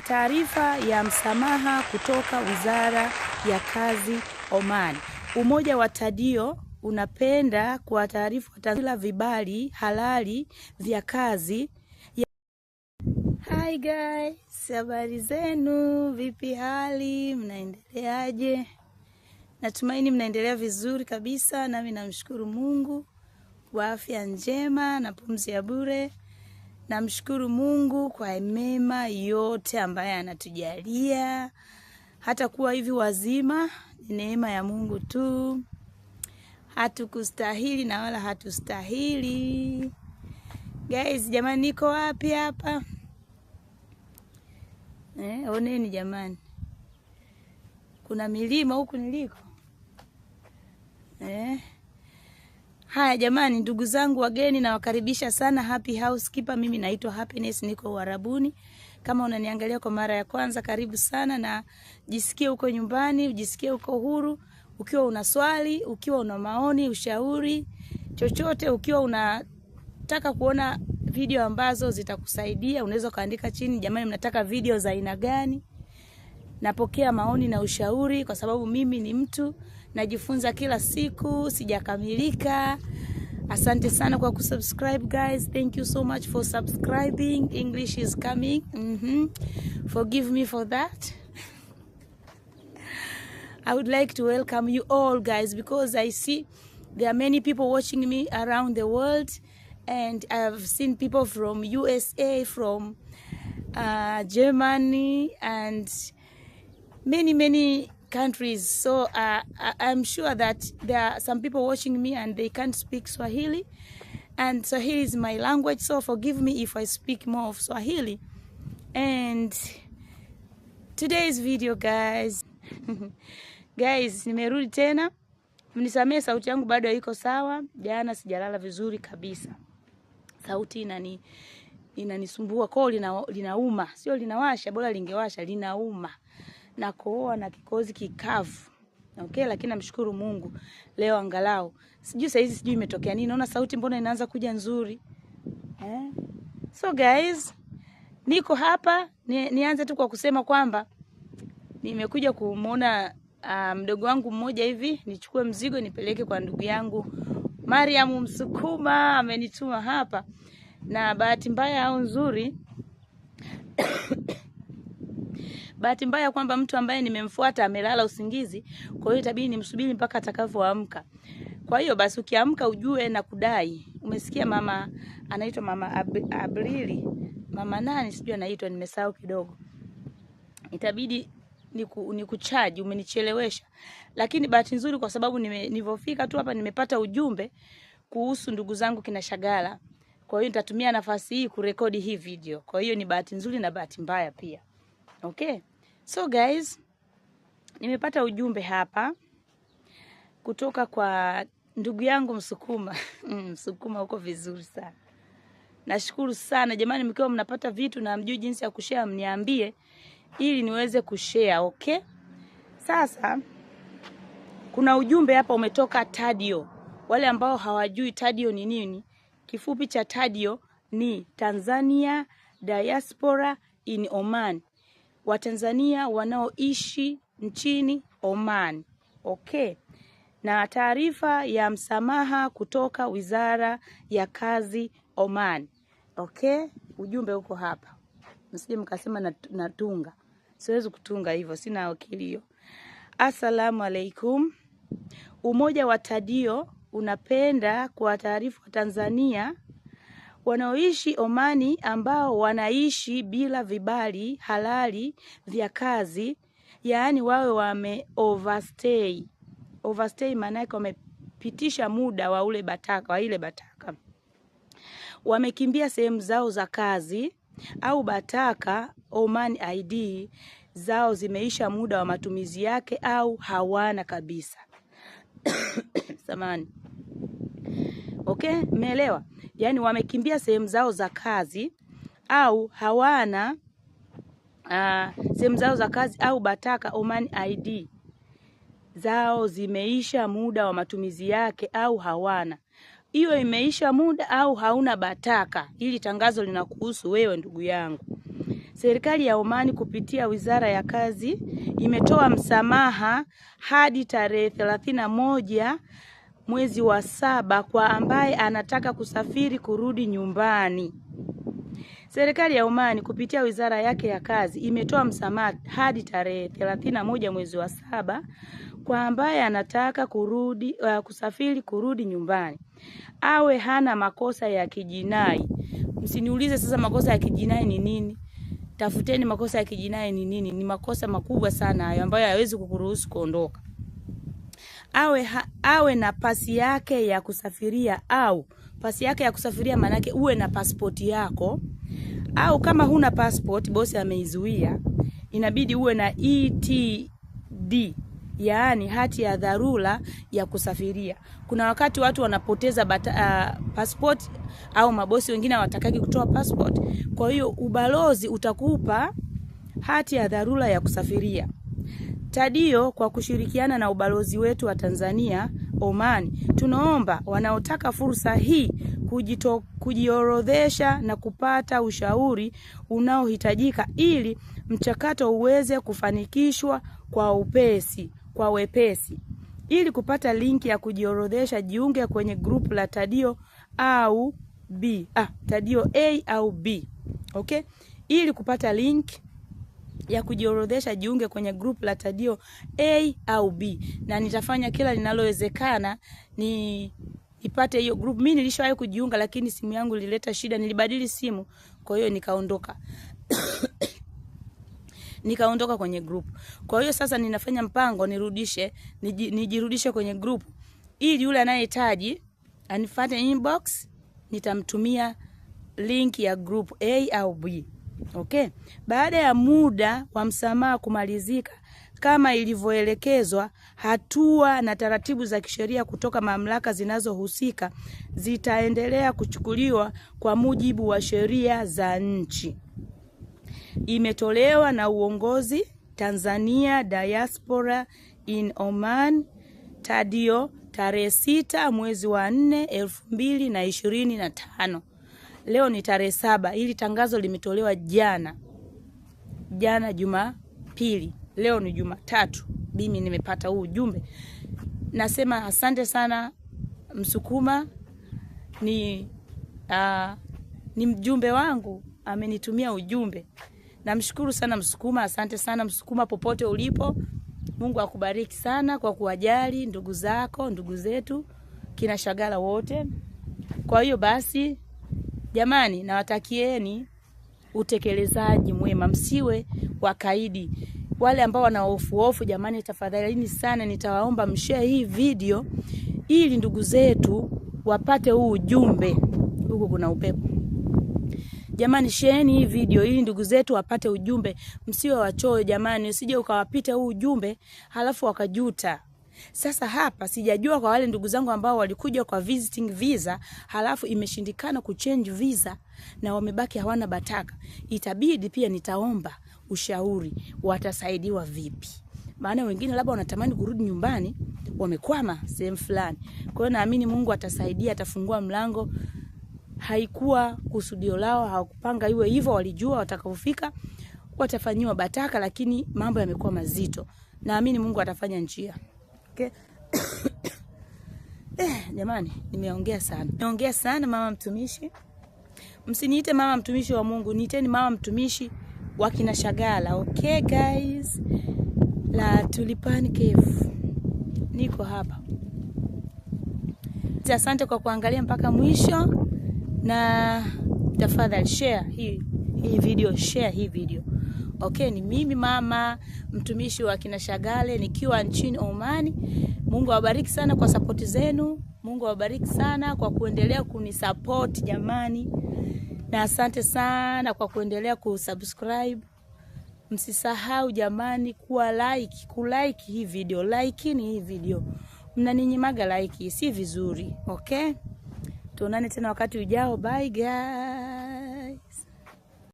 taarifa ya msamaha kutoka Wizara ya Kazi Oman. Umoja wa Tadio unapenda kwa taarifa watala vibali halali vya kazi ya... Hi guys, habari zenu, vipi hali, mnaendeleaje? Natumaini mnaendelea vizuri kabisa, nami namshukuru Mungu kwa afya njema na pumzi ya bure. Namshukuru Mungu kwa mema yote ambaye anatujalia, hata kuwa hivi wazima ni neema ya Mungu tu. Hatukustahili na wala hatustahili. Guys, jamani, niko wapi hapa eh? Oneni jamani, kuna milima huku niliko eh? Haya jamani, ndugu zangu wageni, nawakaribisha sana Happy Housekeeper. Mimi naitwa Happiness, niko Uarabuni. Kama unaniangalia kwa mara ya kwanza, karibu sana na jisikie uko nyumbani, ujisikie uko huru. Ukiwa una swali, ukiwa una maoni, ushauri, chochote, ukiwa unataka kuona video ambazo zitakusaidia, unaweza ukaandika chini, jamani, mnataka video za aina gani? Napokea maoni na ushauri, kwa sababu mimi ni mtu najifunza kila siku, sijakamilika. Asante sana kwa kusubscribe guys. Thank you so much for subscribing. English is coming. Mm -hmm. Forgive me for that. I would like to welcome you all guys because I see there are many people watching me around the world and I've seen people from USA, from uh, Germany and many many countries. So uh, I'm sure that there are some people watching me and they can't speak Swahili. And Swahili is my language, so forgive me if I speak more of Swahili. And today's video guys. guys, nimerudi tena. Mnisamee sauti yangu bado haiko sawa. Jana sijalala vizuri kabisa. Sauti inani inanisumbua koo lina, linauma, sio linawasha, bora lingewasha, linauma na kuoa na kikozi kikavu. Okay, lakini namshukuru Mungu leo angalau. Sijui saa hizi sijui imetokea nini. Naona sauti mbona inaanza kuja nzuri. Eh? So guys, niko hapa ni, nianze tu kwa kusema kwamba nimekuja kumwona uh, ah, mdogo wangu mmoja hivi nichukue mzigo nipeleke kwa ndugu yangu Mariam Msukuma amenituma hapa, na bahati mbaya au nzuri Bahati mbaya kwamba mtu ambaye nimemfuata amelala usingizi, kwa hiyo itabidi nimsubiri mpaka atakavyoamka. Kwa hiyo basi ukiamka ujue na kudai. Umesikia mama anaitwa mama Ab Abrili. Mama nani sijui anaitwa nimesahau kidogo. Itabidi ni kuchaji umenichelewesha. Lakini bahati nzuri kwa sababu nilivyofika tu hapa nimepata ujumbe kuhusu ndugu zangu kina Shagala. Kwa hiyo nitatumia nafasi hii kurekodi hii video. Kwa hiyo ni bahati nzuri na bahati mbaya pia. Okay? So guys, nimepata ujumbe hapa kutoka kwa ndugu yangu Msukuma. Mm, Msukuma huko vizuri sana. Nashukuru sana jamani, mkiwa mnapata vitu na mjui jinsi ya kushare, mniambie ili niweze kushare, okay? Sasa kuna ujumbe hapa umetoka Tadio. Wale ambao hawajui Tadio ni nini, kifupi cha Tadio ni Tanzania Diaspora in Oman. Watanzania wanaoishi nchini Oman. Okay. Na taarifa ya msamaha kutoka Wizara ya Kazi Oman. Okay, ujumbe huko hapa. Msije mkasema natunga. Siwezi kutunga hivyo, sina akili hiyo. Assalamu alaikum. Umoja wa Tadio unapenda kuwataarifu tanzania wanaoishi Omani ambao wanaishi bila vibali halali vya kazi, yaani wawe wame overstay. Overstay maana yake wamepitisha muda wa ule bataka, wa ile bataka, wamekimbia sehemu zao za kazi au bataka Oman ID zao zimeisha muda wa matumizi yake au hawana kabisa. Samani. Okay, umeelewa? Yaani wamekimbia sehemu zao za kazi au hawana uh, sehemu zao za kazi au BATAKA Oman ID zao zimeisha muda wa matumizi yake au hawana hiyo imeisha muda au hauna BATAKA. Hili tangazo linakuhusu wewe ndugu yangu. Serikali ya Omani kupitia Wizara ya Kazi imetoa msamaha hadi tarehe thelathini na moja mwezi wa saba kwa ambaye anataka kusafiri kurudi nyumbani. Serikali ya Omani kupitia wizara yake ya kazi imetoa msamaha hadi tarehe 31 mwezi wa saba kwa ambaye anataka kurudi, uh, kusafiri kurudi nyumbani awe hana makosa ya kijinai. Msiniulize sasa makosa ya kijinai ni nini. Tafuteni makosa ya kijinai ni nini. Ni makosa makubwa sana hayo ambayo hayawezi kukuruhusu kuondoka awe, ha, awe na pasi yake ya kusafiria au pasi yake ya kusafiria, maanake uwe na pasipoti yako, au kama huna pasipoti, bosi ameizuia, inabidi uwe na ETD yaani hati ya dharura ya kusafiria. Kuna wakati watu wanapoteza bata, uh, passport au mabosi wengine hawatakaki kutoa passport. Kwa hiyo ubalozi utakupa hati ya dharura ya kusafiria. TADIO kwa kushirikiana na ubalozi wetu wa Tanzania Oman, tunaomba wanaotaka fursa hii kujito, kujiorodhesha na kupata ushauri unaohitajika ili mchakato uweze kufanikishwa kwa upesi, kwa wepesi. Ili kupata linki ya kujiorodhesha, jiunge kwenye grupu la TADIO au B, ah, TADIO A au B. Okay? Ili kupata linki ya kujiorodhesha jiunge kwenye group la Tadio A au B, na nitafanya kila linalowezekana ni nipate hiyo group. Mimi nilishawahi kujiunga, lakini simu yangu ilileta shida, nilibadili simu, kwa hiyo nikaondoka nikaondoka kwenye group. Kwa hiyo sasa ninafanya mpango nirudishe, nijirudishe kwenye group ili yule anayehitaji anifate inbox, nitamtumia link ya group A au B. Okay. Baada ya muda wa msamaha kumalizika kama ilivyoelekezwa, hatua na taratibu za kisheria kutoka mamlaka zinazohusika zitaendelea kuchukuliwa kwa mujibu wa sheria za nchi. Imetolewa na uongozi Tanzania Diaspora in Oman Tadio tarehe sita mwezi wa nne elfu mbili na ishirini na tano leo ni tarehe saba. Hili tangazo limetolewa jana jana Jumapili, leo ni Jumatatu. Mimi nimepata huu ujumbe, nasema asante sana Msukuma ni, uh, ni mjumbe wangu amenitumia ujumbe. Namshukuru sana Msukuma, asante sana Msukuma popote ulipo, Mungu akubariki sana kwa kuwajali ndugu zako ndugu zetu kina Shagala wote. Kwa hiyo basi Jamani, nawatakieni utekelezaji mwema, msiwe wakaidi. Wale ambao wana hofu hofu, jamani, tafadhalini sana, nitawaomba mshare hii video ili ndugu zetu wapate huu ujumbe. Huku kuna upepo Jamani, sheeni hii video ili ndugu zetu wapate ujumbe. Msiwe wachoyo jamani, usije ukawapita huu ujumbe halafu wakajuta. Sasa hapa sijajua kwa wale ndugu zangu ambao walikuja kwa visiting visa halafu imeshindikana kuchange visa na wamebaki hawana bataka, itabidi pia nitaomba ushauri, watasaidiwa vipi? Maana wengine labda wanatamani kurudi nyumbani, wamekwama sehemu fulani. Kwa hiyo naamini Mungu atasaidia, atafungua mlango. Haikuwa kusudio lao, hawakupanga iwe hivyo. Walijua watakaofika watafanyiwa bataka, lakini mambo yamekuwa mazito. Naamini Mungu atafanya njia yake eh, jamani, nimeongea sana, nimeongea sana. Mama mtumishi, msiniite mama mtumishi wa Mungu, niiteni mama mtumishi wa kina Shagala. Okay guys, la Tulipani Cave niko hapa. Asante kwa kuangalia mpaka mwisho, na tafadhali share hii hii video, share hii video. Okay, ni mimi mama mtumishi wa kina Shagale nikiwa nchini Omani. Mungu awabariki sana kwa sapoti zenu. Mungu awabariki sana kwa kuendelea kunisapoti jamani, na asante sana kwa kuendelea kusubscribe. Msisahau jamani kuwa like, kulike hii video, like ni hii video, mnaninyimaga like, si vizuri. Okay, tuonane tena wakati ujao. Bye guys.